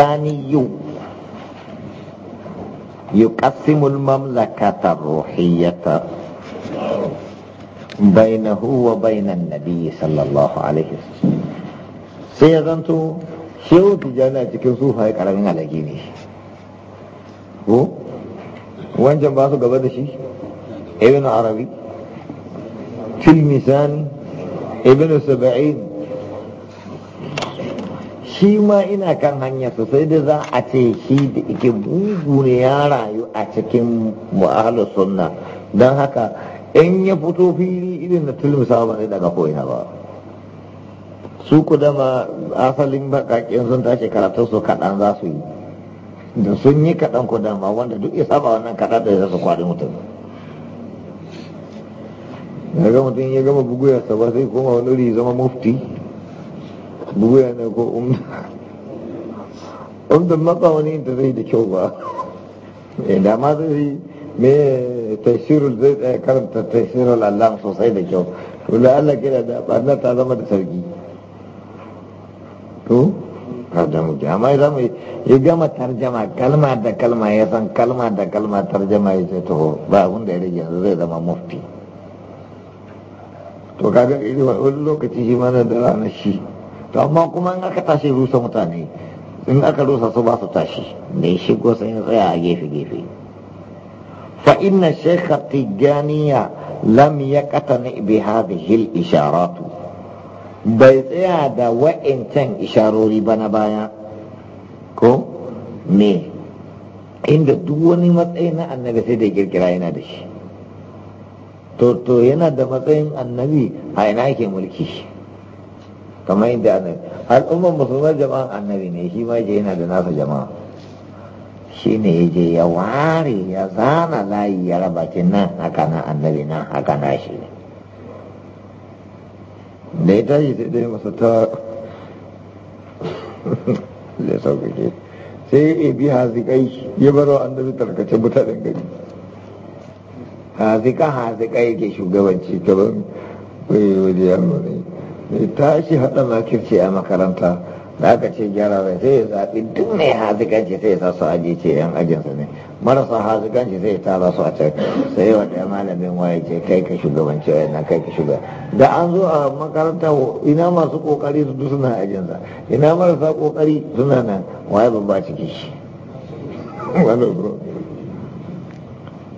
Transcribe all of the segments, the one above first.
الثاني يقسم المملكة الروحية بينه وبين النبي صلى الله عليه وسلم سيغنتو شيو تجانا cikin su fa karamin alaji ne ko wancan ba su gaba da shi ibn arabi ibn saba'in. shi ma ina kan hanya sosai da za a ce shi da ike bugu ne ya rayu a cikin mualar sunna don haka in ya fito fili irin na tulmisa ba ne daga ko'ina ba su ku dama asalin bakakin sun tashi karatun su kaɗan za su yi da sun yi kaɗan ku dama wanda duk ya saba wannan kaɗan da ya su kwari mutum ya ga mutum ya gama bugu ya saba sai kuma wani wuri zama mufti buya ne ko umda umda wani da zai da kyau ba eh, da ma zai me tashirul zai tsaye eh, karanta tashirul allah sosai da kyau to allah kira da barna ta zama da sarki to kada mu ji amma idan ya gama tarjama kalma da kalma ya san kalma da kalma tarjama ya ce to ba abin da ya rage yanzu zai zama mufti to kaga wani lokaci shi mana da ranar shi to amma kuma in aka tashi rusa mutane in aka rusa su ba su tashi mai shigo sai ya tsaya a gefe-gefe fa inna shekha tijjaniya lam ya katani bi hil isharatu bai tsaya da wa'incan isharori ba na baya ko me inda duk wani matsayi na annabi sai da kirkira yana da shi to to yana da matsayin annabi a ina yake mulki kamar yadda annabi al'ummar musulman jama'an annabi ne shi ma je yana da nasa jama'a shi ne ya je ya ware ya zana layi ya raba ki nan haka na annabi nan haka na shi da ya tashi sai dai masa ta sauke sauƙaƙe sai ya bi hazikai ya baro annabi tarkace mutanen gari hazika hazika yake shugabanci gaban wani eh, wajen yamma Tashi shi haɗa makirci a makaranta da aka ce gyara zai sai ya zaɓi duk mai haziganci sai ya sa su aji ce yan ajinsa ne marasa haziganci sai ya tara su a can sai yawa ɗaya malamin waye ce kai ka shugabanci waye na kai ka shuga da an zo a makaranta ina masu kokari su duk suna ajinsa ina marasa kokari suna nan waye babba ciki shi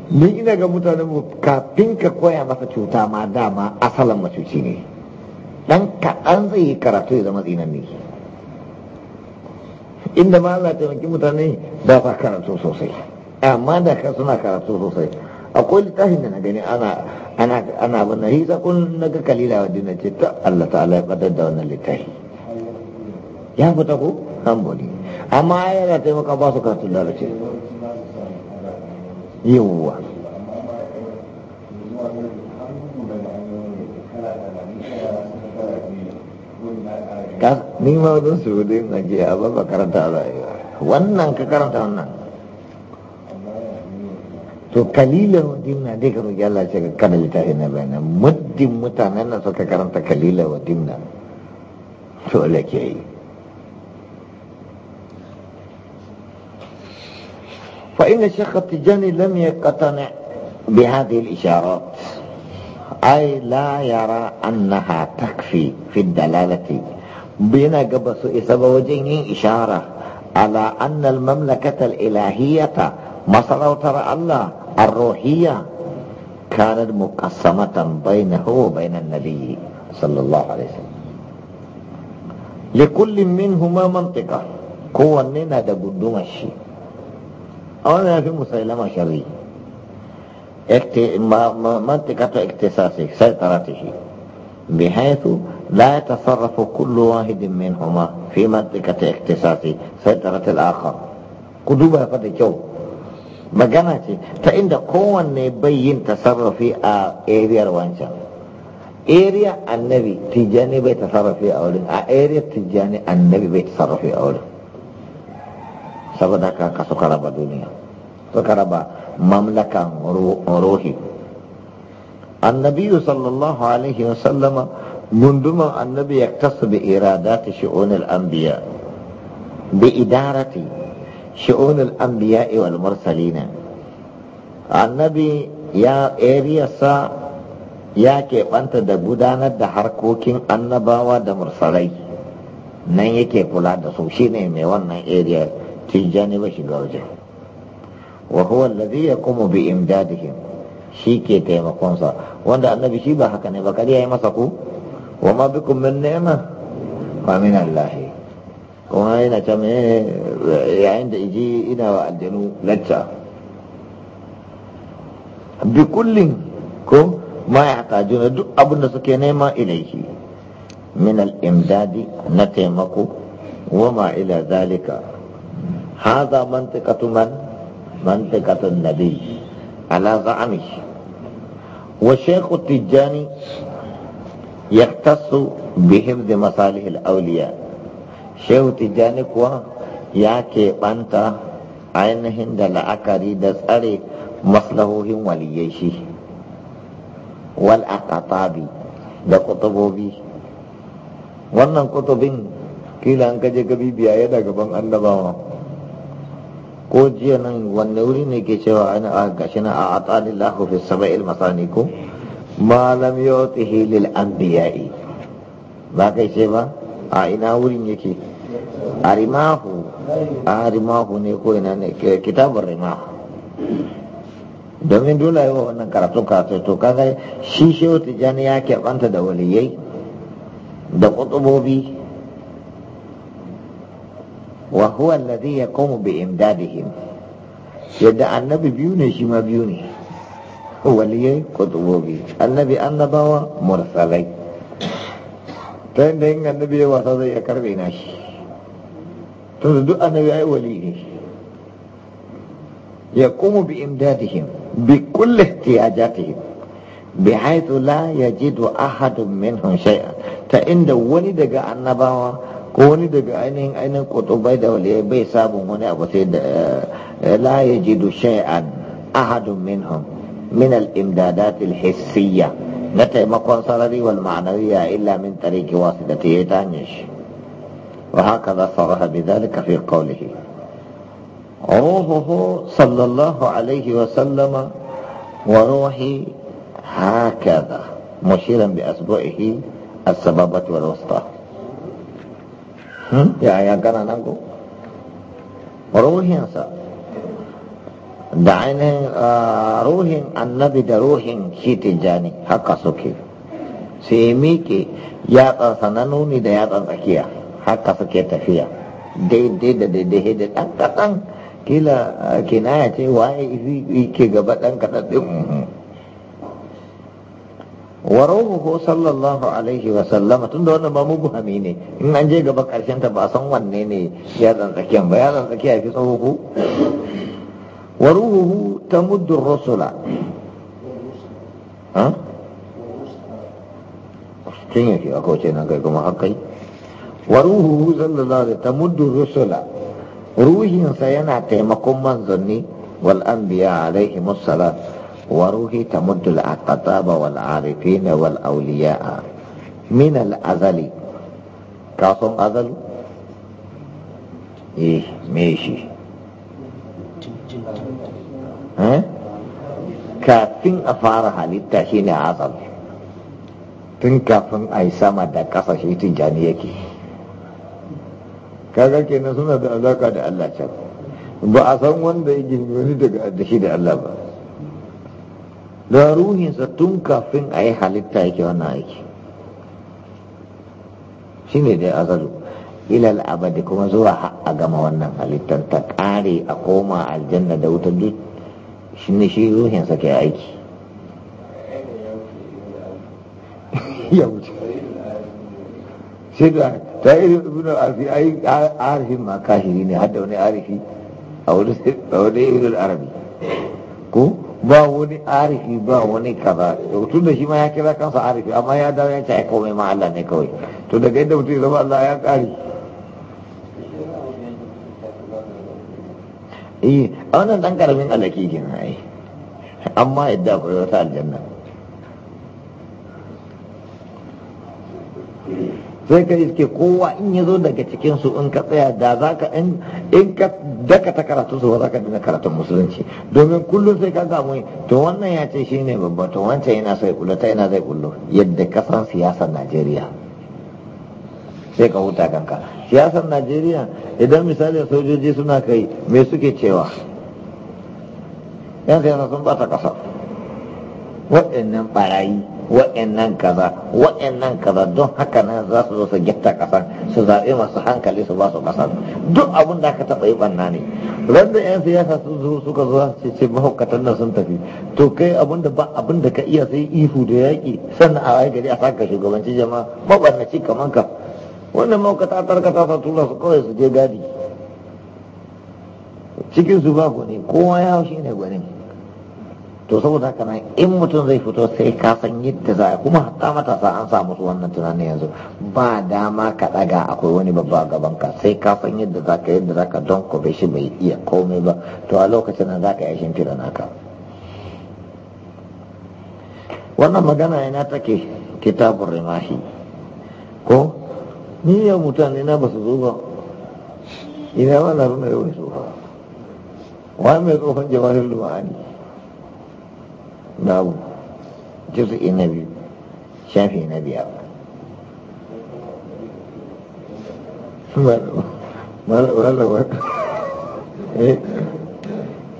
ni ina ga mutanen mu kafin ka koya masa cuta ma dama asalin macuci ne dan kaɗan zai yi karatu ya zama tsinanni inda ma Allah taimaki mutane ba sa karatu sosai amma da ka suna karatu sosai akwai littafin da na gani ana ana ana yi hisa na ga kalila wa dina ce ta Allah ta'ala ya fadar da wannan littafi ya fita ko hambali amma yana taimaka ba su karatu da race yawwa ගස් නිමවද සූදේ නැගිය අවව කරටාලා වන්නං කරට වන්න تو قليل ودين عندك رجع الله شك كمل تاهنا بينا مد متعنا سك كرنت قليل ودين شو فإن الشيخ التجاني لم يقتنع بهذه الإشارات أي لا يرى أنها تكفي في الدلالة بنا قبس وجيني إشارة على أن المملكة الإلهية مصر وترى الله الروحية كانت مقسمة بينه وبين النبي صلى الله عليه وسلم لكل منهما منطقة قوة لنا دا قدوم الشيء أولا في مسيلمة شري منطقة اكتساسه سيطرته بحيث لا يتصرف كل واحد منهما في منطقة اختصاص سيطرة الآخر da kyau. الجو magana ce ta inda kowanne bayyin tasarrafi a ariyar wancan area annabi tijjani bai tasarrafi a wurin a area tijjani annabi bai tasarrafi a wurin saboda ka ka suka raba duniya suka raba mamlakan ruhi annabiyu sallallahu alaihi wasallama gunduman annabi ya kasu bi iradati shi'unil anbiya bi idarati shi'unil anbiya wal mursalina annabi ya eriyarsa ya keɓanta da gudanar da harkokin annabawa da mursalai nan yake kula da su shine mai wannan eriya tijjani ba shiga wajen wa kuma allazi yaqumu bi imdadihim shi ke taimakonsa wanda annabi shi ba haka ne ba kariya ya yi masa ku وما بكم من نعمة فمن الله وهنا تمه عند يجي إنا وعندنو لتا بكلكم ما يحتاجون أبو نسكي نعمة إليه من الإمداد نتيمكو وما إلى ذلك هذا منطقة من منطقة النبي على زعمه وشيخ التجاني يختص بحفظ مصالح الأولياء شيخ تجاني كوا ياكي بانتا ainihin da la'akari da tsare maslahohin waliyai shi wal aqtabi da kutubobi wannan kutubin kila an kaje gabi biya yana gaban annabawa ko jiya nan wanne wuri ne ke cewa ana gashi na a atalillahu fi sab'il masani ko ma lam yutihi lil anbiya'i ba kai ce ba a ina wurin yake a rimahu a rimahu ne ko ina ne kitabun rimahu domin dole yawa wannan karatu karatu to kaga shi shehu tijjani ya keɓanta da waliyai da kutubobi wa huwa alladhi yaqumu bi imdadihim yadda annabi biyu ne shi ma biyu ne waliyai kutubobi annabi annabawa mursalai ta yadda yin annabi ya wasa zai ya karbe na shi ta da annabi ya yi wali ne ya kuma bi imdadihim bi kulle ihtiyajatihim bi haithu la ya yajidu ahadun minhum shay'a ta inda wani daga annabawa ko wani daga ainihin ainihin kutubai da waliyai bai samun wani abu sai da eh, la yajidu shay'an ahadun minhum من الإمدادات الحسية نتمكن صلري والمعنوية إلا من طريق واسطته تانيش وهكذا صرح بذلك في قوله روحه صلى الله عليه وسلم وروحي هكذا مشيرا بأسبوعه السبابة والوسطى يا يا كان نقول روحي أنسى da ainihin uh, ruhin annabi da ruhin shi tijjani haka suke sai ya miƙe yatsansa na nuni da ya tsakiya haka suke tafiya daidai da daidai da ɗan kaɗan kila uh, kinaya ce waye ke gaba ɗan kaɗan ɗin ko sallallahu alaihi wa sallama, tun da wannan ba hami ne in an je gaba karshen ta ba san wanne ne ya tsakiyan ba ya zan tsakiya fi tsawo ko وروحه تمد الرسل ها استنى كي اكو شيء وروحه صلى الله عليه تمد الرسل روحي سينا تمكم من ظني والانبياء عليهم الصلاه وروحي تمد الاقطاب والعارفين والاولياء من الازل كاثم ازل ايه ماشي Eh? kafin a fara halitta shine azal tun kafin a yi sama da kasa shi tijjani yake kaga kenan suna da alaka da Allah can ba a san wanda ya wani daga da shi da Allah ba da ruhinsa tun kafin a yi halitta yake wannan aiki shi ne dai azalu ilal abadi kuma zuwa a gama wannan halittar ta ƙare a koma aljanna da wuta duk shi ne shi ruhinsa ke aiki ya wuce sai da ta irin ibn arabi ai arifin ma kashiri ne hadda wani arifi a wani ibn arabi ko ba wani arifi ba wani kaza tun da shi ma ya kira kansa arifi amma ya dawo ya ce ai komai ma Allah ne kawai to daga yadda mutum ya zama Allah ya kare Eh, a wannan dan karamin alaki gin ai amma yadda akwai wata aljanna sai ka iske kowa in ya zo daga cikinsu in ka tsaya da za ka in ka daka ta karatu su ba za ka dina karatun musulunci domin kullum sai ka gamu to wannan ya ce shi ne babba to wancan yana sai kullum ta yana zai kullo yadda kasan siyasar najeriya sai ka huta kanka siyasar najeriya idan misali sojoji suna kai me suke cewa yan siyasa sun bata ƙasa waɗannan ɓarayi waɗannan kaza waɗannan kaza don haka na za su zo su gitta ƙasa su zaɓe masu hankali su ba su ƙasa duk abin da aka taɓa yi ɓanna ne ran da yan siyasa sun zo suka zo ce ce mahaukatan nan sun tafi to kai abin da ba abin da ka iya sai ihu da yaƙi sannan a waye gari a saka shugabanci jama'a maɓannaci kamar ka wannan maukata ta sa tura su kawai su je gadi cikin su ba gwani kowa ya haushi ne gwani to saboda haka nan in mutum zai fito sai ka san yadda za a kuma hatta matasa an samu musu wannan tunanin yanzu ba dama ka daga akwai wani babba a gaban ka sai ka san yadda za ka yadda za ka don ko bai shi bai iya komai ba to a lokacin nan za ka yashin fira naka wannan magana yana take kitabun rimahi ko ni yau mutane na ba su zo ba ina ba na runa yau su ba wa mai tsohon jawarin lu'ani babu juz'i ina biyu shafi na ba. Eh,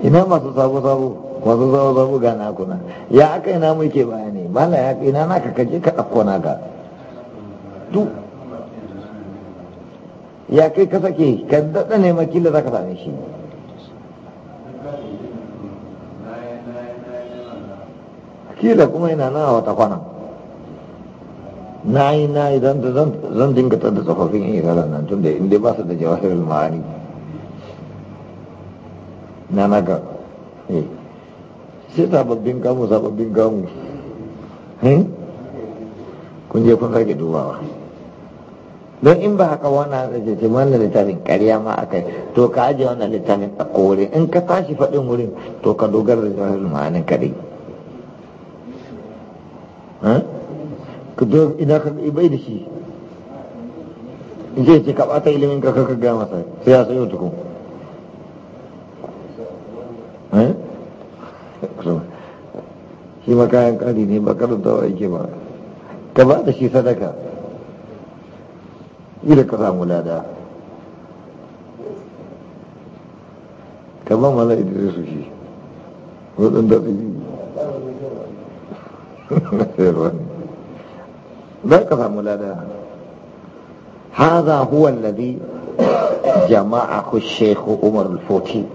ina masu sabo-sabo masu sabo-sabo ga nakuna ya aka ina muke bayani mala ya ina naka kaje ka ɗauko naka duk ya kai ka sake ka daɗa ne makila za ka same shi kila kuma yana na wata kwanan na yi na yi zan dinga da tsofaffin yin ranar nan tun da inda ba su da jawahirar ma'ani na naga eh sai sababbin kamu sababbin kamu kun je kun sake dubawa don in ba haka wannan rikici wannan littafin ƙarya ma kai to ka aje wannan littafin a kore in ka tashi faɗin wurin to ka dogara da jawahir ma'anin kaɗai idan shi makayan ƙari ne ba karanta wa ake ba ka ba da shi sadaka yi ka samu lada kamar mana idris su shi wadon da tsibi za ka samu lada haza huwa lalli jama'a ku shehu umar al-fotin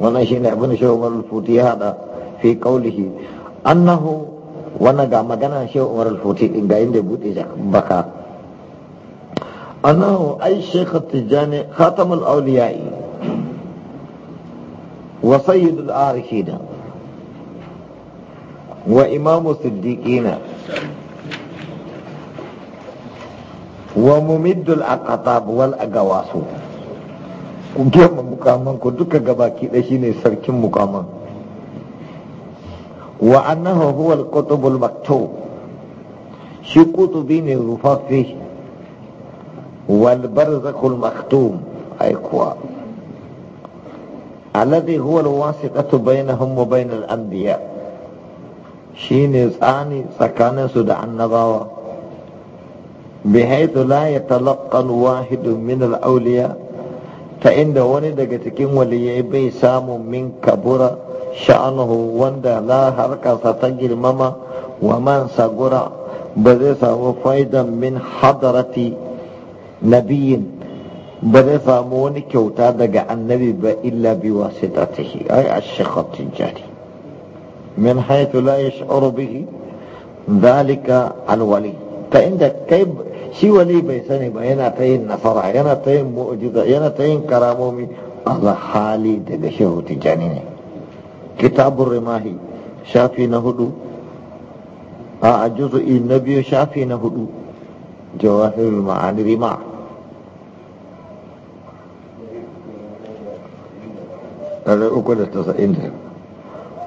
wannan shi ne abin shi umar al-fotin ya hada fi kaulihi annahu wani ga magana shi umar al-fotin ga inda bude baka أنا أي شيخ التجاني خاتم الأولياء وسيد العارفين وإمام الصديقين وممد الأقطاب والأقواس كما مقامان كدك قباكي لشيني سركم مقامان وأنه هو القطب المكتوب شي قطبين فيه والبرزخ المختوم أي كوا الذي هو الواسطة بينهم وبين الأنبياء شين ثاني سكان سدع النظاوة بحيث لا يتلقى واحد من الأولياء فإن ولد تكين ولي بي سام من كبر شأنه وندا لا حركة ستجر مما ومن سقر بذي سام فايدا من حضرتي nabiyin ba zai samu wani kyauta daga annabi ba illa bi wasitatihi ay a shaykh tijari min haythu la yash'uru bihi dhalika al-wali ta inda kai shi wali bai sani ba yana ta yin nasara yana ta yin mu'jiza yana ta yin karamomi a hali daga shehu tijani ne kitabun rimahi shafi na hudu a juzu'i na biyu shafi na hudu جواهر المعاني بمع هذا أكل التصعيد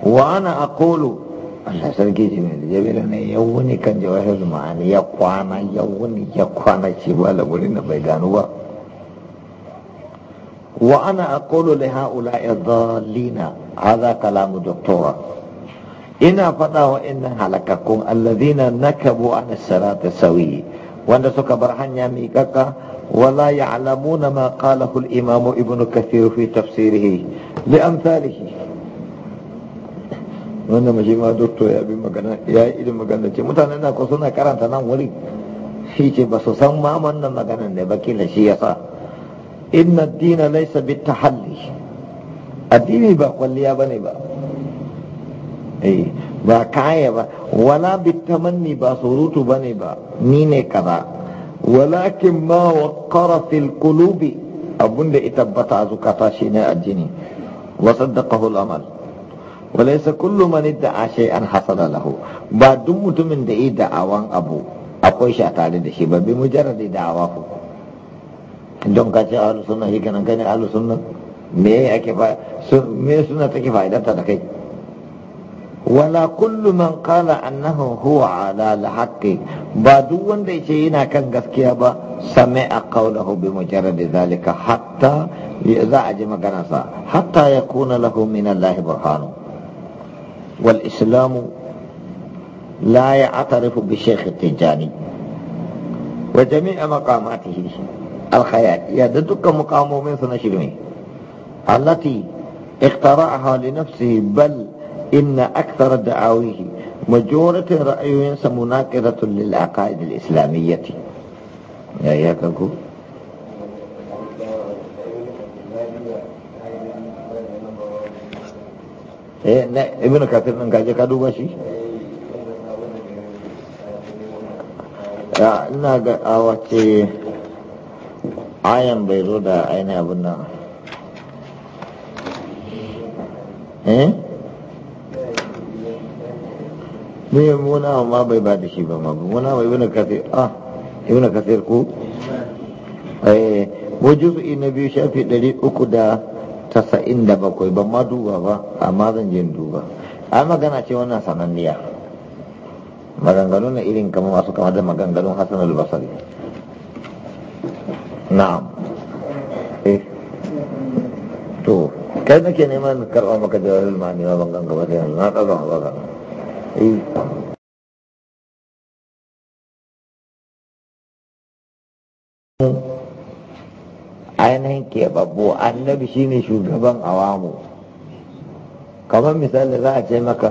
وأنا أقول أنا سرقيت من الجبل أن يوني كان جواهر المعاني يقوانا يوني يقوانا شبال أولينا بيدانوا وأنا أقول لهؤلاء الضالين هذا كلام دكتورة إن فتاة وإنا هلككم الذين نكبوا عن الصراط السوي wanda suka bar hanya mai kakka wala ya'lamuna ma qalahu al-imam ibn kathir fi tafsirih li amsalihi wannan mashi ma doktor ya bi magana ya yi irin magana ce mutanen da ko suna karanta nan wuri shi ce ba su san ma wannan maganan ne ba kila shi yasa inna ad-dina laysa bit-tahalli addini ba kwalliya bane ba eh ba kaya ba wala bitamanni ba surutu bane ba ni ne kaza walakin ma waqqara fil qulubi abunda itabbata zukata shine ajini wa saddaqahu al amal laysa kullu man idda'a shay'an hasala lahu ba duk mutumin da yi da'awan abu akwai shi a tare da shi ba bi mujarradi da'awa ko don ka ce ahlus sunna shi kenan kai ne ahlus sunna me yake fa me suna take fa'idarta da kai wala kullum man qala annahu huwa ala al ba duk wanda yace yana kan gaskiya ba sami'a qawluhu bi mujarradi zalika hatta za a ji magana sa hatta yakuna lahu min Allah burhanu wal islamu la ya'tarifu bi shaykh tijani wa jami'a dukkan na shirme اخترعها لنفسه بل إن أكثر دعاويه مجورة رأيوينس مناقضة للعقائد الإسلامية يا يا كنكو eh na ibnu kafir din kaje ka duba shi ya ina ga a wace ayan bai zo da ainihin abin nan eh ne muna ma bai ba da shi ba ma muna bai wani kasir A ibn kasir ah, ko eh wa juz'i na biyu shafi 397 ban ma duba ba amma zan je duba ai magana ce wannan sananniya maganganun na irin kamar masu kama da maganganun Hassan al-Basri na'am eh to kai nake neman karɓar maka jawahirul ma'ani ba ban ganga ba yanzu? na ɗaga ba Eh. ainihin keɓaɓɓo annabi shi ne shugaban awamu kamar misali za a ce maka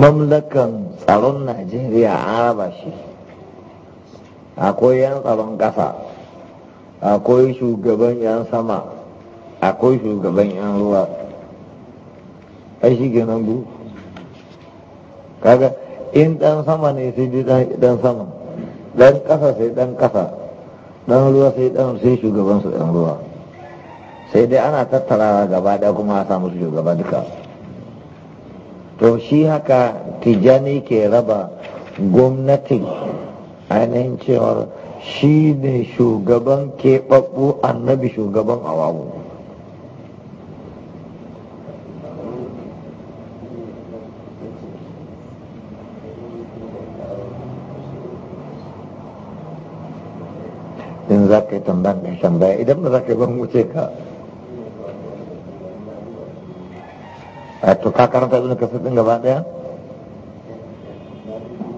mamlakan tsaron najeriya an raba shi akwai yan tsaron ƙasa akwai shugaban yan sama akwai shugaban yan ruwa ai shi ganin kaga in dan sama ne sai ji dan sama dan kasa sai dan kasa dan ruwa sai dan sai shugaban su dan ruwa sai dai ana tattara gaba da kuma a samu shugaba duka to shi haka tijani ke raba gwamnatin ainihin cewar shi ne shugaban keɓaɓɓu annabi shugaban awamu in za ka tambayan ka tambaya idan ba za ka yi ban wuce ka a to ka karanta ibn kasir gaba daya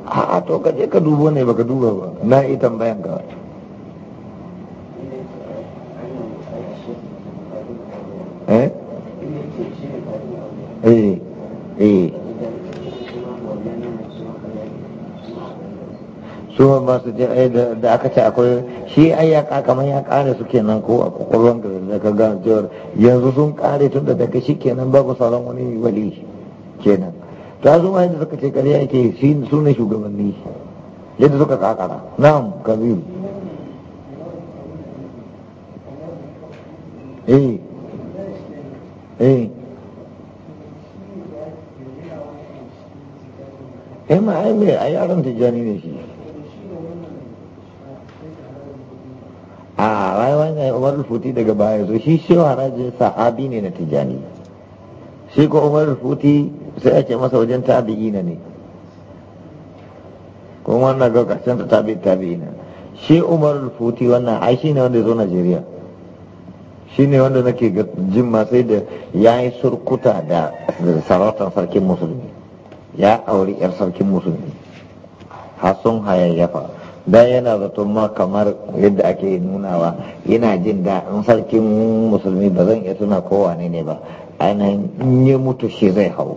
a to ka je ka dubo ne baka duba ba na yi tambayan ka su ba su je eh, da aka ce akwai shi ai ya kamar ya kare su kenan ko a kwakwalwan da ka ga jihar yanzu sun kare tun da daga shi kenan babu sauran wani wali kenan ta zo ma yadda suka ce kare yake shi su ne shugabanni yadda suka kakara na'am kabiru eh eh eh ma ai mai a yaran tijjani ne shi umar futi daga baya zo shi shehu harajin sahabi ne na tijani shi ko umar futi sai ake masa wajen tabi'ina ne kuma wannan ga karshen ta tabi tabi'ina shi umar futi wannan ai shi ne wanda ya zo najeriya shi ne wanda nake jin ma sai da ya yi surkuta da sarautar sarkin musulmi ya auri 'yar sarkin musulmi hasun hayayyafa dan yana zaton ma kamar yadda ake nunawa yana jin da in sarkin musulmi ba zan iya tuna kowa ne ba ainihin in ya mutu shi zai hau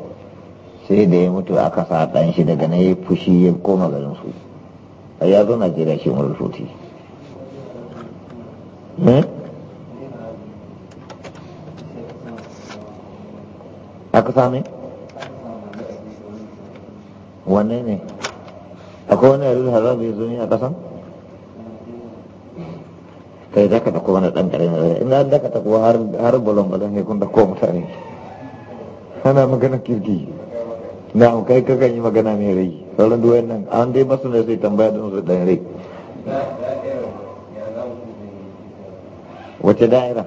sai da ya mutu aka sa dan shi daga na ya fushi ya koma garin su ya zo najeriya shi mun rufuti hmm? aka Wanne wane ne akwai wani yare haram ya zo ne a kasan kai za ka tako wani ɗan ƙarami zai ina da ka tako har balon balon ya kun tako mutane ana magana kirki na kai ka kanyi magana mai rai sauran duwayen nan an dai masu ne sai tambaya don su ɗan rai wace da'ira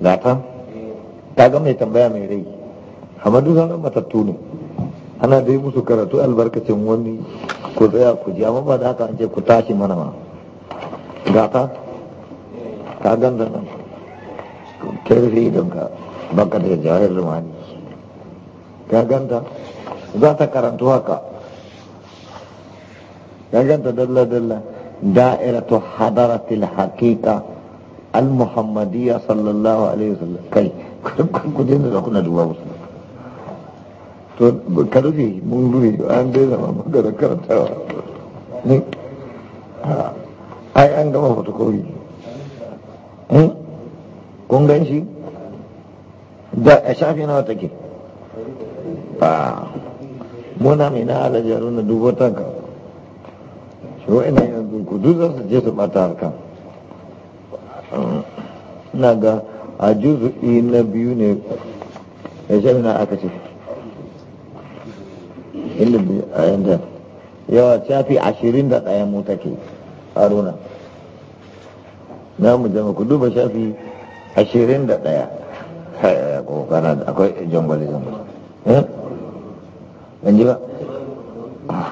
gata ta ga mai tambaya mai rai amma duk sauran matattu ne ana dai musu karatu albarkacin wani ku tsaya ku ji amma ba da haka an ce ku tashi mana ma gata ka ganda nan ta rufe idon ka baka da jawahir rumani ka ganta za ta karantu haka ka ganta dalla-dalla da'ira da'iratu hadaratil haqiqa al-muhammadiyya sallallahu alaihi wasallam kai kun kudin da kuna duba musu to ka rufe mun rufe an dai zama magana karantawa ne ai an gama fotokori hmm? kun gan shi da a shafi nawa take ba muna mai na alajar na dubo tanka shi wa'ina yanzu ku duk za su je su bata harkan na ga a juzu'i na biyu ne ya shafi na aka ce ilimi a yanzu yawa shafi ashirin da ɗaya mu take haruna na mu jama ku duba shafi ashirin da ɗaya kokana da akwai jangwale jangwale eh? ban ji ba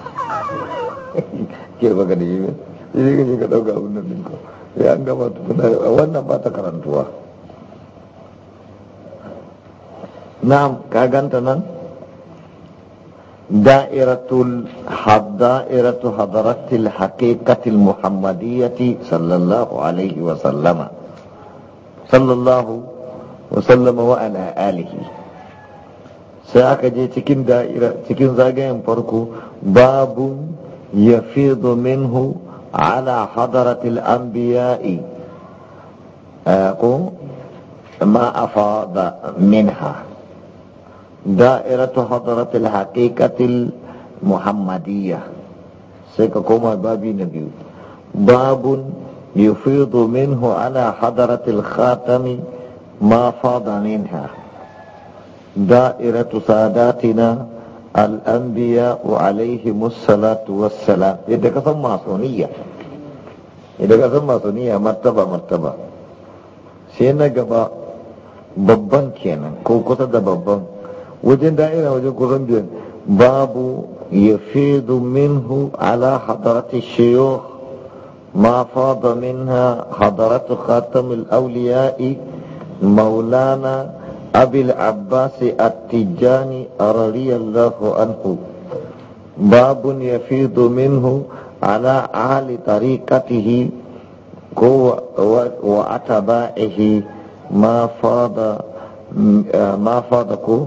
ke baka da jibe sai ka je ka ɗauka abin nan ɗinka sai an gama tukuna wannan ba ta karantuwa na ka ganta nan دائرة دائرة حضرة الحقيقة المحمدية صلى الله عليه وسلم صلى الله وسلم وعلى آله سأك جي تكين دائرة تكين زاقين فرقو باب يفيض منه على حضرة الأنبياء ما أفاض منها دائرة حضرة الحقيقة المحمدية سيكاكوما بابي نبي باب يفيض منه على حضرة الخاتم ما فاض منها دائرة ساداتنا الأنبياء عليهم الصلاة والسلام إذا كثم ماسونية إذا كثم ماسونية مرتبة مرتبة سينا قبا babban kenan ko kusa da babban وجن دائرة وجن قرن بين باب يفيد منه على حضرة الشيوخ ما فاض منها حضرة خاتم الأولياء مولانا أبي العباس التجاني رضي الله عنه باب يفيد منه على أهل طريقته وأتباعه ما فاض ما فاضكو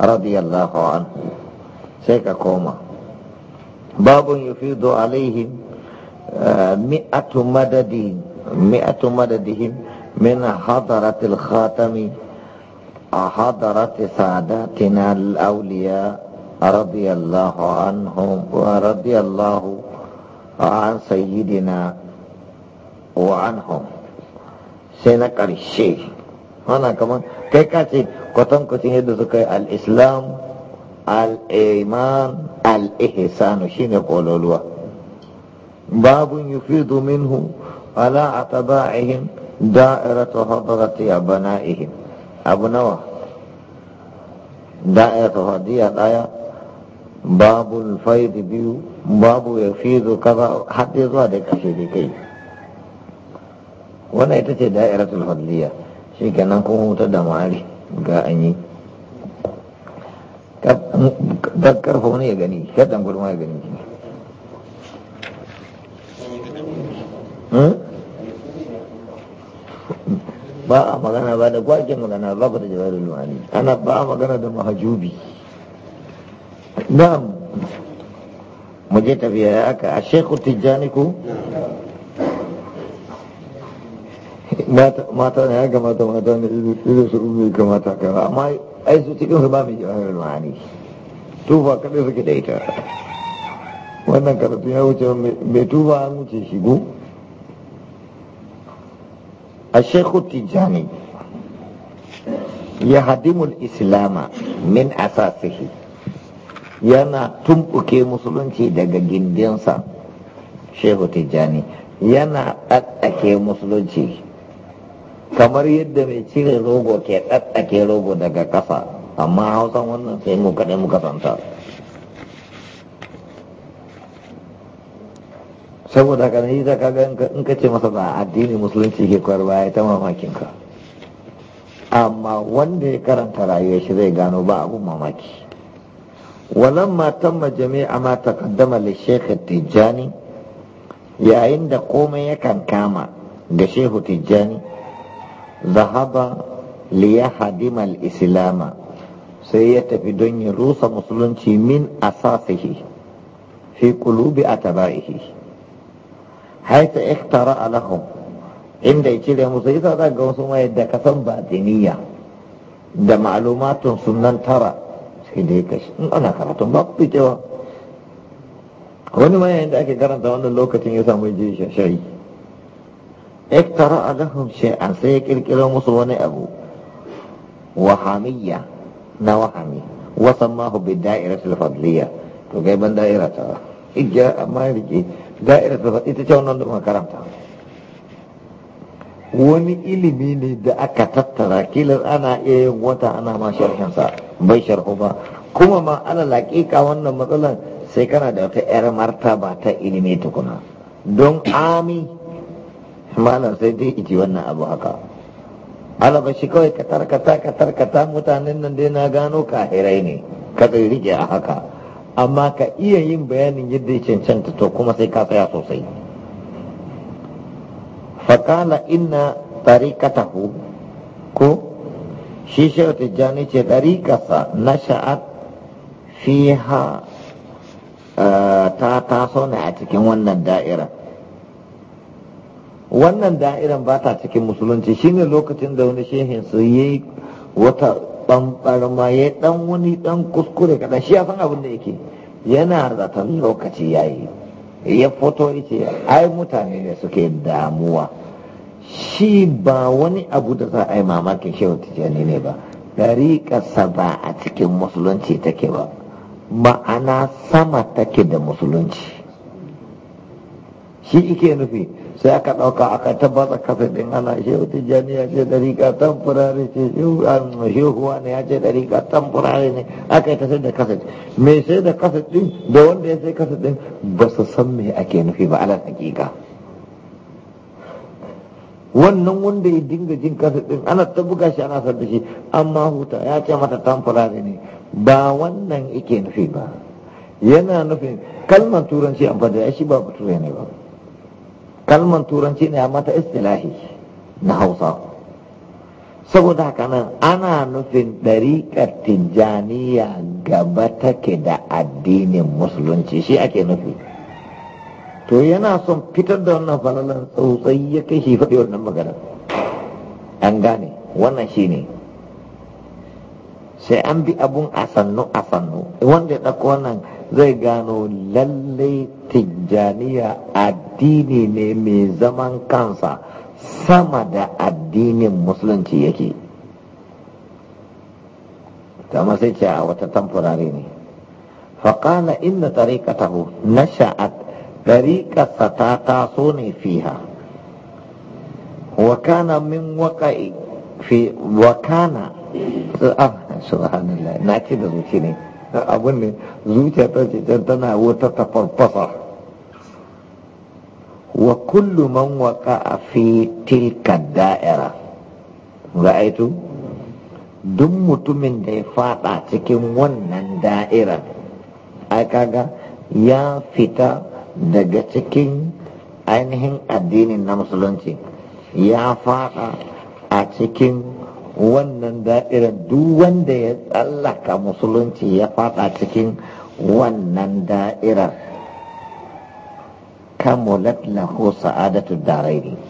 رضي الله عنه سيكا كوما باب يفيد عليهم مئة مدد مئة مددهم من حضرة الخاتم حضرة سعداتنا الأولياء رضي الله عنهم ورضي الله عن سيدنا وعنهم سينك الشيخ هنا كمان كيف kucing yadda suka yi al-islam al-iman al-ihsanu shine Bab yang yufidu minhu ala atba'ihim da'iratu hadrati abana'ihim abu nawa da'iratu hadiya daya babul faid biyu babu yafidu kaza hadde zuwa da kashe ne kai wannan ita ce da'iratul hadliya shi kenan kun hutar da ga an yi karfa wani ya gani shaɗan gudunma ya gani hmm? ba a magana ba da kwakin magana ba ba da jawarin luwani ana ba a magana da mahajubi na mu je tafiya ya aka a shekutu janiku mata ne ya kamata mata ne ido su umu kamata kaza amma ai su cikin su ba mai jawahar ma'ani tufa kaɗai suke da ita wannan karatu ya wuce mai tufa an wuce shigo a shekhu tijjani ya hadimul islama min asasihi yana tumɓuke musulunci daga gindinsa shehu tijjani yana ɗaɗɗake musulunci kamar yadda mai cire rogo ke ɗaɗɗake rogo daga ƙasa amma hausan wannan sai mu kaɗai muka santa saboda ka ne za kaga ga in ka ce masa ba addini musulunci ke kwar baya ta mamakin ka amma wanda ya karanta rayuwar shi zai gano ba abun mamaki matan tamma jami'a ma kaddama da shaykh tijjani yayin da komai yakan kama ga shehu tijjani ذهب ليهدم الإسلام سيتفي دني روس مسلمتي من أساسه في قلوب أتبائه حيث اخترع لهم عند يجري مسيطة ذاك ga يدكسا باطنية da ma'alumatun sunan tara sai dai kashi in ana karatun ba ku wani ma yayin da ake karanta wannan lokacin ya samu اقترأ لهم شيئا سيكركر مصرون أبو وحامية نوحمي وسماه بالدائرة الفضلية تقيبا دائرة إجاء ما يرجي دائرة الفضلية تتعون عندما كرمتها wani ilimi ne da aka tattara kilar ana iya yin wata ana ma sharhinsa bai sharhu ba kuma ma ala laƙiƙa wannan matsalar sai kana da wata 'yar martaba ta ilimi tukuna don ami malam sai dai iji wannan abu haka ba shi kawai ka tarkata ka tarkata mutanen nan dai na gano kahirai ne ka bai a haka amma ka iya yin bayanin yadda ya cancanta to kuma sai ka tsaya sosai fakala inna tarikatahu ko shi tijjani ce sa na sha'ad fiha eh, ta taso ne a cikin wannan da'irar. wannan da'irar ba ta cikin musulunci shine lokacin da wani shehin su yi wata ɓanɓarma ya ɗan wani ɗan kuskure kaɗan shi ya san abin da yake yana zaton lokaci ya yi ya fito ce ai mutane ne suke damuwa shi ba wani abu da za a yi mamakin shehu tijjani ne ba ɗariƙarsa ba a cikin musulunci take ba ma'ana sama take da musulunci shi ike nufi sai aka ɗauka aka tabbata ɗin ana shehu tijjani ya ce tan furare ce shehuwa ne ya ce tan furare ne aka yi ta sai da kasafin mai sai da ɗin da wanda ya sai ɗin ba su san me ake nufi ba ala hakika wannan wanda ya dinga jin ɗin ana ta buga shi ana sadda shi amma huta ya ce mata tamfurare ne ba wannan ike nufi ba yana nufin kalmar turanci amfani da shi ba turai ne ba kalman turanci ne ya mata istilahi na hausa saboda haka nan ana nufin ɗariƙar tijjaniya gaba take da addinin musulunci shi ake nufi to yana son fitar da wannan falalan tsautsayi ya kai shi faɗi wannan magana an gane wannan shi ne sai an bi abun a sannu a sannu wanda ya ɗauko wannan zai gano lallai tijjaniya addini ne mai zaman kansa sama da addinin musulunci yake kama sai ce a wata tamfurare ne faƙana inda taho na sha'ad tariƙarsa ta taso ne fiha wakana min waƙa'i fi wakana ah, subhanallah na ce da zuci ne abun ne zuciya ta ce tana wata tafarfasa wa kullu man a fi tilka da'ira ra'aitu duk mutumin da ya fada cikin wannan da'irar ai kaga ya fita daga cikin ainihin addinin na musulunci ya fada a cikin wannan da'irar duk wanda ya tsallaka musulunci ya fada cikin wannan da'irar kamulat lahu sa'adatu daraini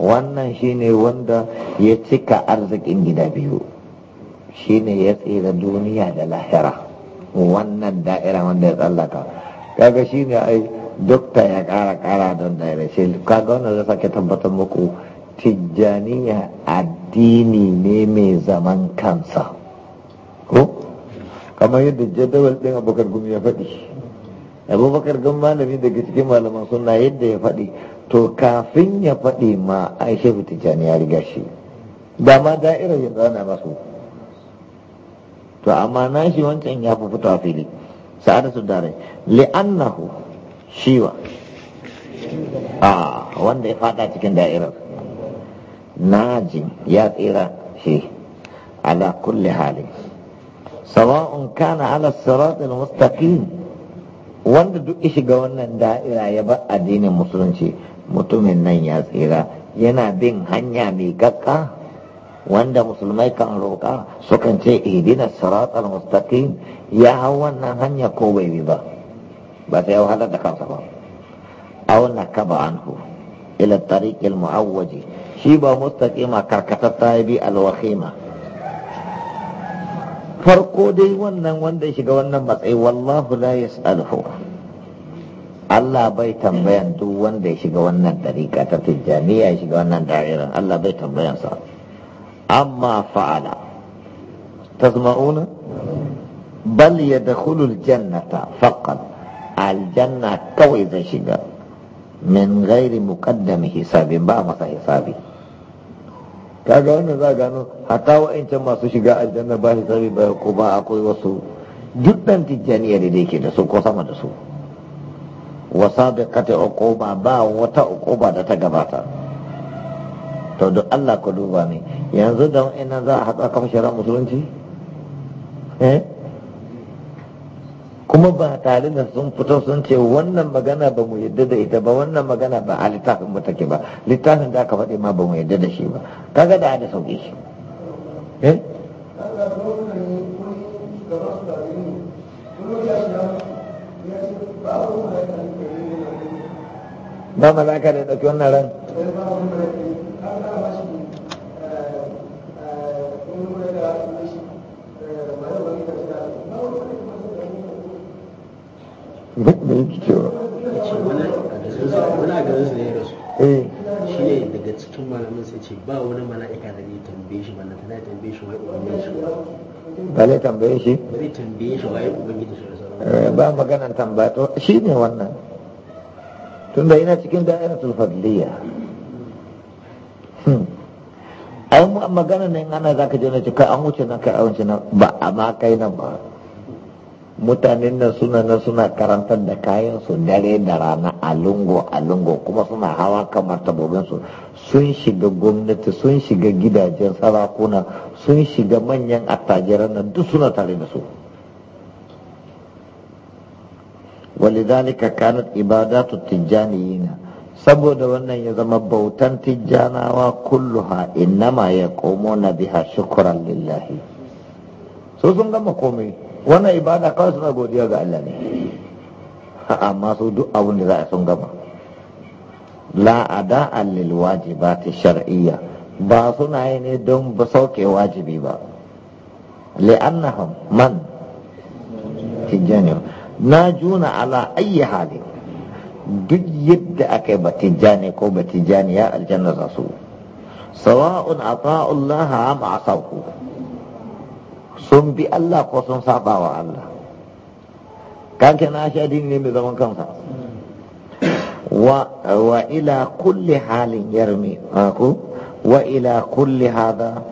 wannan shine wanda ya cika arzikin gida biyu shine ya tsira duniya da lahira wannan da'ira wanda ya tsallaka kaga shine ai dokta ya kara kara don da'ira shi kaga wannan zai sake tabbatar muku tijjaniya a addini ne mai zaman kansa ko kamar yadda jadawal ɗin abubakar gumi ya faɗi abubakar gumi malami daga cikin malaman suna yadda ya faɗi to kafin ya faɗi ma aisha tijjani ya riga shi ba ma da'irar yin zana masu to amma na shi wancan ya fi fito a fili sa'adatu dare li'annahu shiwa a ah, wanda ya fada cikin da'irar najin ya tsira shi ala kulli hali sawa'un kana ala siratul mustaqim wanda duk ya shiga wannan da'ira ya bar addinin musulunci mutumin nan ya tsira yana bin hanya mai gaggawa wanda musulmai kan roƙa sukan ce idina siratal mustaqim ya hau wannan hanyar ko bai bi ba ba sai wahalar da kansa ba aw nakaba anhu ila tariqil muawwaji shi ba karkatar karkatatta ya bi alwakhima farko dai wannan wanda ya shiga wannan matsayi wallahu la yas'aluhu Allah bai tambayan duk wanda ya shiga wannan dariƙa ta tijjaniya ya shiga wannan da'irar Allah bai sa. amma fa'ala tazma'una bal yadkhulul jannata faqat aljanna kawai zai shiga min ghairi muqaddami hisabin ba masa hisabi kaga wannan za gano hatta wa'ancan masu shiga aljanna ba sami ba ko ba akwai wasu duk dan tijjaniya da yake da su ko sama da su wasa da kata uquba ba wata uquba da ta gabata to duk Allah ku duba ne yanzu da wa'annan za a haɗa kamshirar musulunci eh kuma ba tare da sun fito sun ce wannan magana ba mu yadda da ita ba wannan magana ba a littafin mu take ba littafin da aka faɗi ma ba mu yadda da shi ba kaga da da sauƙi shi eh? ba malaka da ɗauki wannan ran duk da cewa eh ba wani mala'ika da zai tambaye shi wannan tambaye shi ba zai tambaye shi ba tambaye shi eh, ba maganan tambaya to shi ne wannan tunda ina cikin da'iratul fadliya hmm. ai mu magana ne ana zaka je na cika an wuce na kai an wuce na ba amma kai nan ba mutanen nan suna nan suna karantar da kayan su dare da rana a lungo a lungo kuma suna hawa kamar su sun shiga gwamnati sun shiga gidajen sarakuna sun shiga manyan attajiran nan duk suna tare da su walidhalika kanat ibadatu tijjaniyina saboda wannan ya zama bautan tijjanawa kulluha innama yaqumuna biha shukran lillahi so sun gama komai wannan ibada kawai suna godiya ga Allah ne amma su duk abin da za a sun gama la ada lil wajibati shar'iyya ba suna yi ne don ba sauke wajibi ba li'annahum man na juna ala ayi hali duk yadda aka yi batijani ko batijani ya aljanna za su sawa'un ata'ullaha am sun bi Allah ko sun saba wa Allah kake na shi ne mai zaman kansa wa ila kulli halin yarmi ko wa ila kulli hada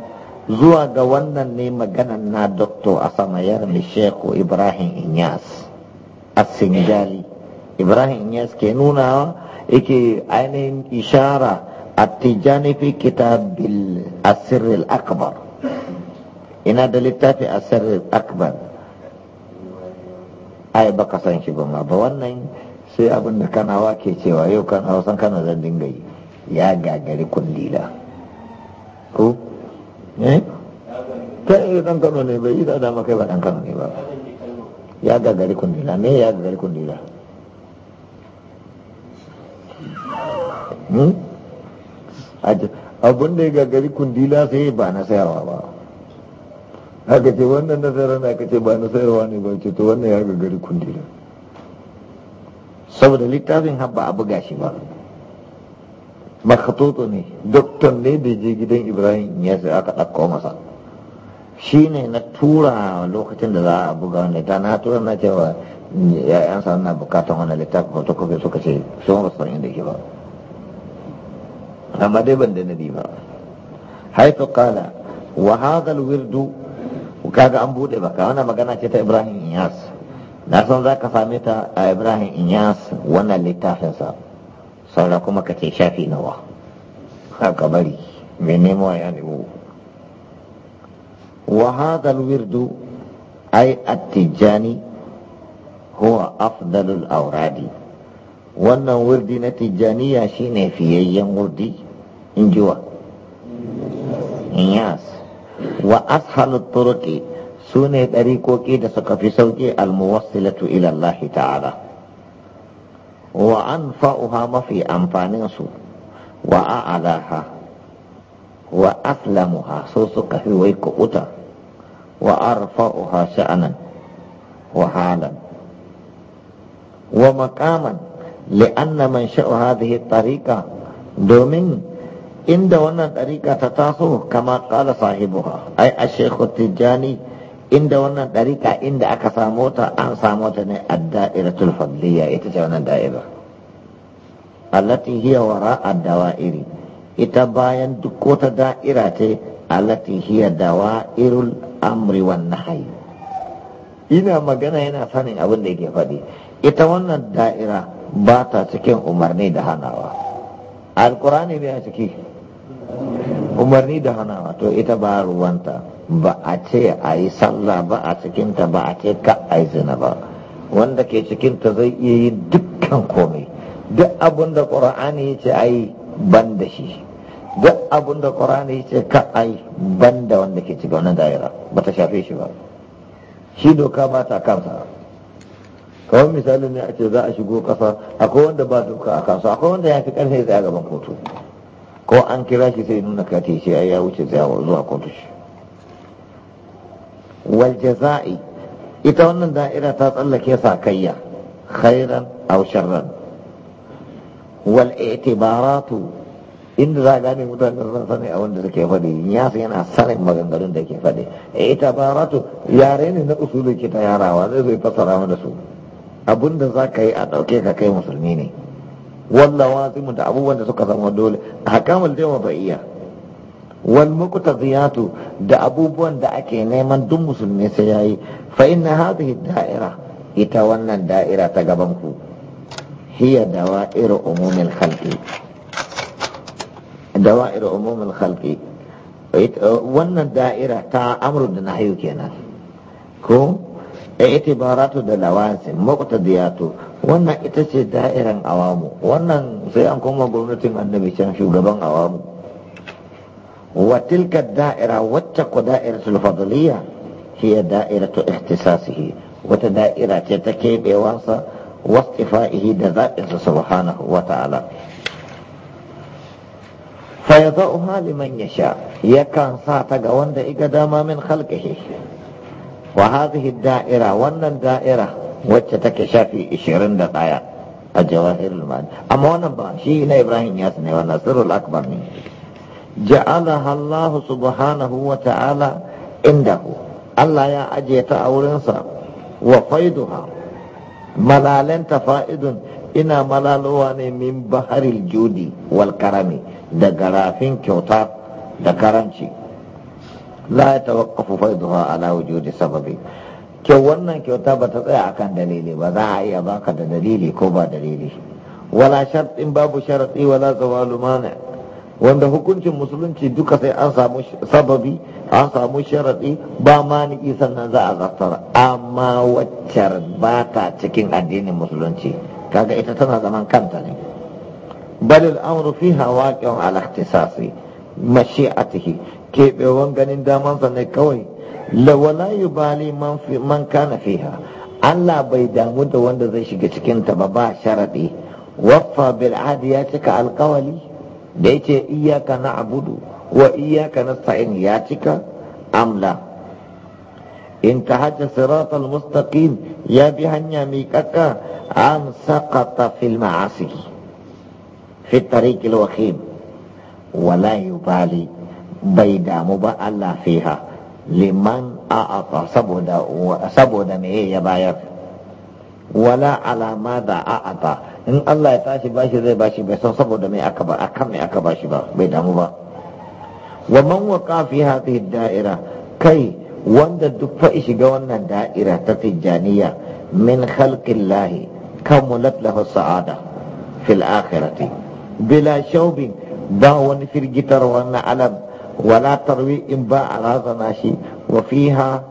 zuwa ga wannan ne maganan na dokto a sama yarmi sheku ibrahim inyas a sinjali ibrahim inyas ke nuna yake ainihin ishara a tijani fi kitabil asirin akbar ina da littafi a sirrin akbar ai baka san shi ba ba wannan sai abin da kanawa ke cewa yau kan hausan kana zan dinga yi ya gagari kullila ko eh ta yi dan eh, kano ne bai yi da dama kai ba dan kano ne ba ya gagari kullila me ya gagari kullila hmm? abin da ya gagari kundila sai ba na sayawa ba aka ce wannan nasarar na aka ce ba nasarwa ne ba ce to wannan ya gagari kundila saboda littafin haɓa a buga shi ba makatoto ne doktor ne da je gidan ibrahim ya sai aka ɗauko masa shi ne na tura lokacin da za a buga wani ta na tura na cewa ya'yan sa na bukatan wani littafi kofi suka ce sun ba san da ke ba amma dai ban da nadi ba haifu kala wa hagal wirdu kaga an bude baka wannan magana ce ta Ibrahim Inyas. na san za ka same ta a Ibrahim Inyas wannan littafinsa saura kuma ka ce shafi nawa haka bari mai nemo ya nemo wa hadha alwirdu ay at-tijani huwa afdalul awradi wannan wurdi na tijaniya shine fiyayyen wurdi in jiwa Yes. wa ashalut turuqi sune dariqoki da suka fi sauki almuwassilatu ila Allah ta'ala wa anfa'uha mafi amfanin su wa a'laha wa aslamuha so suka fi wai kuɓuta. wa arfa'uha sha'anan wa halan wa maqaman li'anna man sha'u hadhihi at-tariqa domin inda wannan ɗariƙa ta taso kama ƙala sahibuha ai a shekhu tijjani inda wannan ɗariƙa inda aka samu ta an samu ta ne a da'iratul fadliya ita ce wannan da'ira allati hiya wara ad-dawa'iri ita bayan duk wata da'ira ce allati hiya dawa'irul amri wan nahyi ina magana yana sanin abin da yake faɗi ita wannan da'ira ba ta cikin umarni da hanawa alkurani ne ciki umarni da hana to ita ba ruwanta ba a ce a yi sallah ba a cikinta ba a ce ka a zina ba wanda ke cikinta zai iya yi dukkan komai duk abin da ƙura'ani ya ce a ban da shi duk abin da ƙura'ani ya ce ka a ban da wanda ke cikin wannan daira ba ta shafe shi ba shi doka ba ta kansa kawai misali ne a ce za a shigo kasa akwai wanda ba doka a kansa akwai wanda ya fi karfe zai a gaban kotu ko an kira shi sai nuna kati shi ya wuce zuwa kotu shi wal jaza'i ita wannan da'ira ta tsallake sakayya khairan aw sharran wal i'tibaratu inda za a gane mutane sun sani a wanda suke faɗi ya san yana sanin maganganun da ke faɗi i'tibaratu yare ne na usulun ta yarawa zai zai fasara mana su abinda za ka yi a ɗauke ka kai musulmi ne wallawazimu da abubuwan da suka zama dole ahkamul jawabiyya wal muqtadiyatu da abubuwan da ake neman duk musulmi sai yayi fa inna hadhihi da'ira ita wannan da'ira ta gaban ku hiya dawa'ir umumil khalqi dawa'ir umumil khalqi wannan da'ira ta amru da nahyu kenan ko a baratu da lawazim muqtadiyatu wannan ita ce da'iran awamu wannan sai an koma gwamnatin annabi can shugaban awamu wa tilka da'ira wacce ku da'iratul fadliya da'ira ta ihtisasihi wata da'ira ce ta wasu wastifa'ihi da zaɓinsa subhanahu wa ta'ala fa ya manya sha yakan sa ta ga wanda iga dama min khalqihi wa hadhihi da'ira wannan da'ira wacce take shafi 21 a jawahirul ma'ani amma wannan ba shi ne Ibrahim ya ne wannan akbar ne Ja'ala Allah subhanahu wa ta'ala indahu Allah ya ajiye ta a wurinsa wa faiduha malalanta fa'idun ina malalowa ne min baharil judi wal karami daga rafin kyauta da karanci la ya tawakkafu faiduha ala wujudi sababi kyau wannan kyauta ba ta tsaya akan dalili ba za a iya baka da dalili ko ba dalili wala sharɗin babu sharaɗi wala zawalu mana wanda hukuncin musulunci duka sai an samu sababi an samu sharaɗi ba mani sannan za a zartar amma waccar ba ta cikin addinin musulunci kaga ita tana zaman kanta ne balil amru fiha waqi'un ala ikhtisasi mashi'atihi keɓewan ganin damansa ne kawai lawala yi bali man kana fiha Allah bai damu da wanda zai shiga cikinta ba ba sharaɗi waffa bil'adi ya cika alkawali da ya ce iyaka na abudu wa iyaka na sa'in ya cika amla in ta hajji siratul mustaqim ya bi hanya mai kaka an saƙata fil ma'asi fi tariqil wakhim wala yubali bai damu ba Allah fiha liman a saboda saboda me ya bayar wala alama da a'ata in Allah ya tashi bashi zai bashi bai san saboda mai aka ba akan mai aka bashi ba bai damu ba wa man waqa fi hadhihi da'ira kai wanda duk fa shiga wannan da'ira ta tijjaniya min kan kamulat lahu sa'ada fil akhirati bila shaubin ba wani firgitar wannan alam ولا تروي إن باء رازناشي وفيها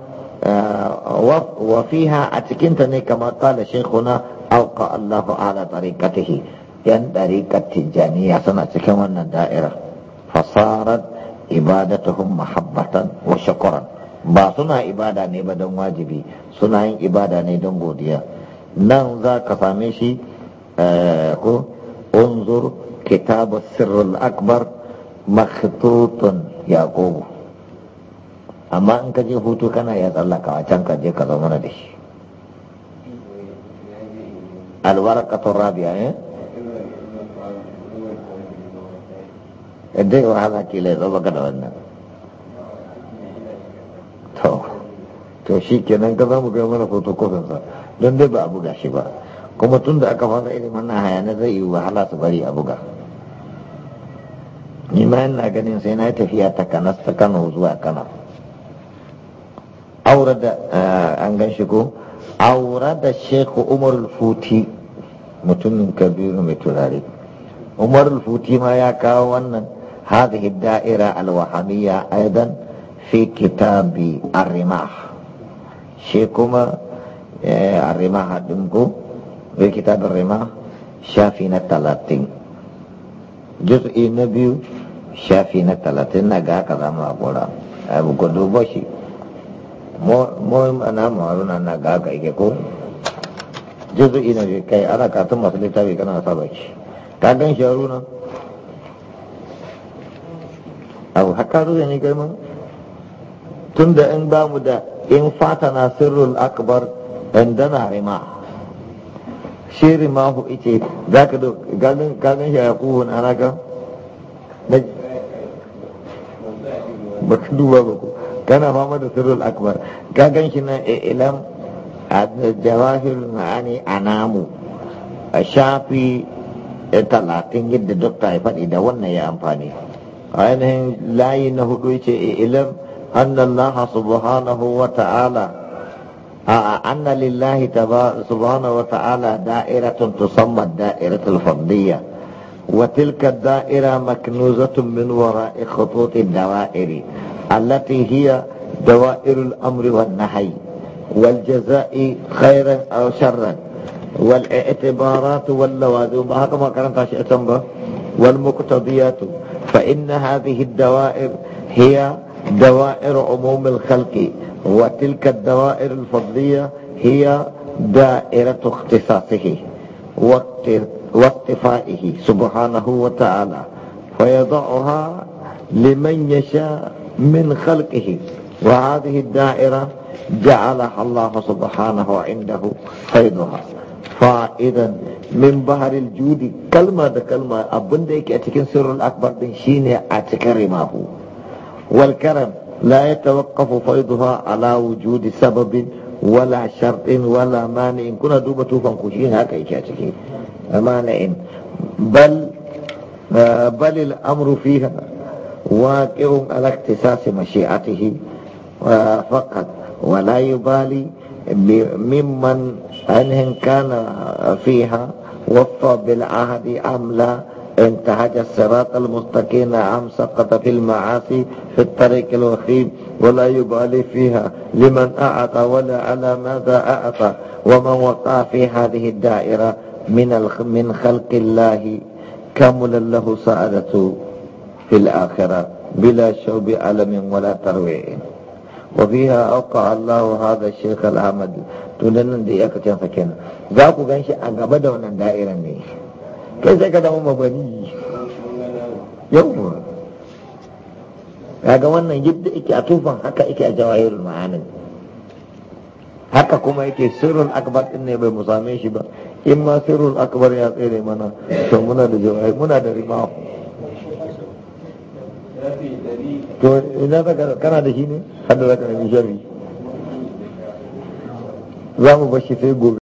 آه وفيها أتكنتني كما قال شيخنا أوقع الله على طريقته ين طريقة تجانية سنة كمان الدائرة فصارت عبادتهم محبة وشكرا ba suna ibada ne ba don wajibi suna yin ibada ne don godiya nan za ka same shi ko unzur kitabu sirrul akbar makhtutun Yakubu. amma in ka je hutu kana ya a can ka je ka zama na da shi alwarakatun rabia ne eh? dai wahala ke lai zaba da wannan to to shi kenan ka zamu gaya mana sa, don dai ba a buga shi ba kuma tun da aka fara irin wannan hayana zai yi wahala su bari a buga nima na ganin sai na tafiya ta kano ta kano zuwa kano aure da eh, an gan shi ko aure da sheku umar futi mutumin kabiru mai turare umar futi ma ya kawo wannan hadhihi da'ira alwahamiyya aidan fi kitabi arrimah shi kuma eh, arrimah din ko fi kitabi arrimah shafi na talatin juz'i na biyu shafi na talatin na ga haka zamu a abu gudu ba shi yi mana ma'aruna na ga haka ike ko ina na kai ana katun masu littafi kana sa baki ka gan shi na? abu haka zuwa ne kai mun tun da in ba mu da in fata na sirrul akbar dana rima shi rima hu ice za ka gan shi a kuhun anaka na ba ta duba ba ku kana fama da sirrul akbar ka gan shi nan ilam jawahir ma'ani a namu a shafi eh, talatin yadda dokta ya faɗi da wannan ya amfani ainihin layi na hudu ce eh, ilam annallaha subhanahu wa ta'ala a أن subhanahu wa ta'ala da'iratun tusamman الدائرة الفضلية وتلك الدائرة مكنوزة من وراء خطوط الدوائر التي هي دوائر الأمر والنهي والجزاء خيرا أو شرا والاعتبارات واللوازم ما كانت شئتم والمقتضيات فإن هذه الدوائر هي دوائر عموم الخلق وتلك الدوائر الفضلية هي دائرة اختصاصه واقتضاء واطفائه سبحانه وتعالى ويضعها لمن يشاء من خلقه وهذه الدائرة جعلها الله سبحانه عنده فيضها فإذا من بحر الجود كلمة ده كلمة أبن ديك أتكن سر الأكبر بن شيني أتكرمه والكرم لا يتوقف فيضها على وجود سبب ولا شرط ولا مانع كنا دوبة توفن كشين هكا يكاتكي ان إيه؟ بل آه، بل الأمر فيها واقع على اختصاص مشيئته آه، فقط ولا يبالي ممن أن كان فيها وفى بالعهد أم لا انتهج الصراط المستقيم أم سقط في المعاصي في الطريق الوخيم ولا يبالي فيها لمن أعطى ولا على ماذا أعطى ومن وقع في هذه الدائرة من من خلق الله كمل له سعادته في الآخرة بلا شوب ألم ولا ترويع وفيها أوقع الله هذا الشيخ الأحمد تندن دي أكتن فكنا ذاك غنش أقبدا ونن دائرة ني كيف كده مبني يوم kaga wannan yadda yake a tufan haka yake a jawahirul ma'anin haka kuma yake sirrul akbar din ne bai musame shi ba in ma sirrul akbar ya tsere mana to muna da jawai muna da riba to ina da kana da shi ne har zaka nemi sharri za mu bashi sai gobe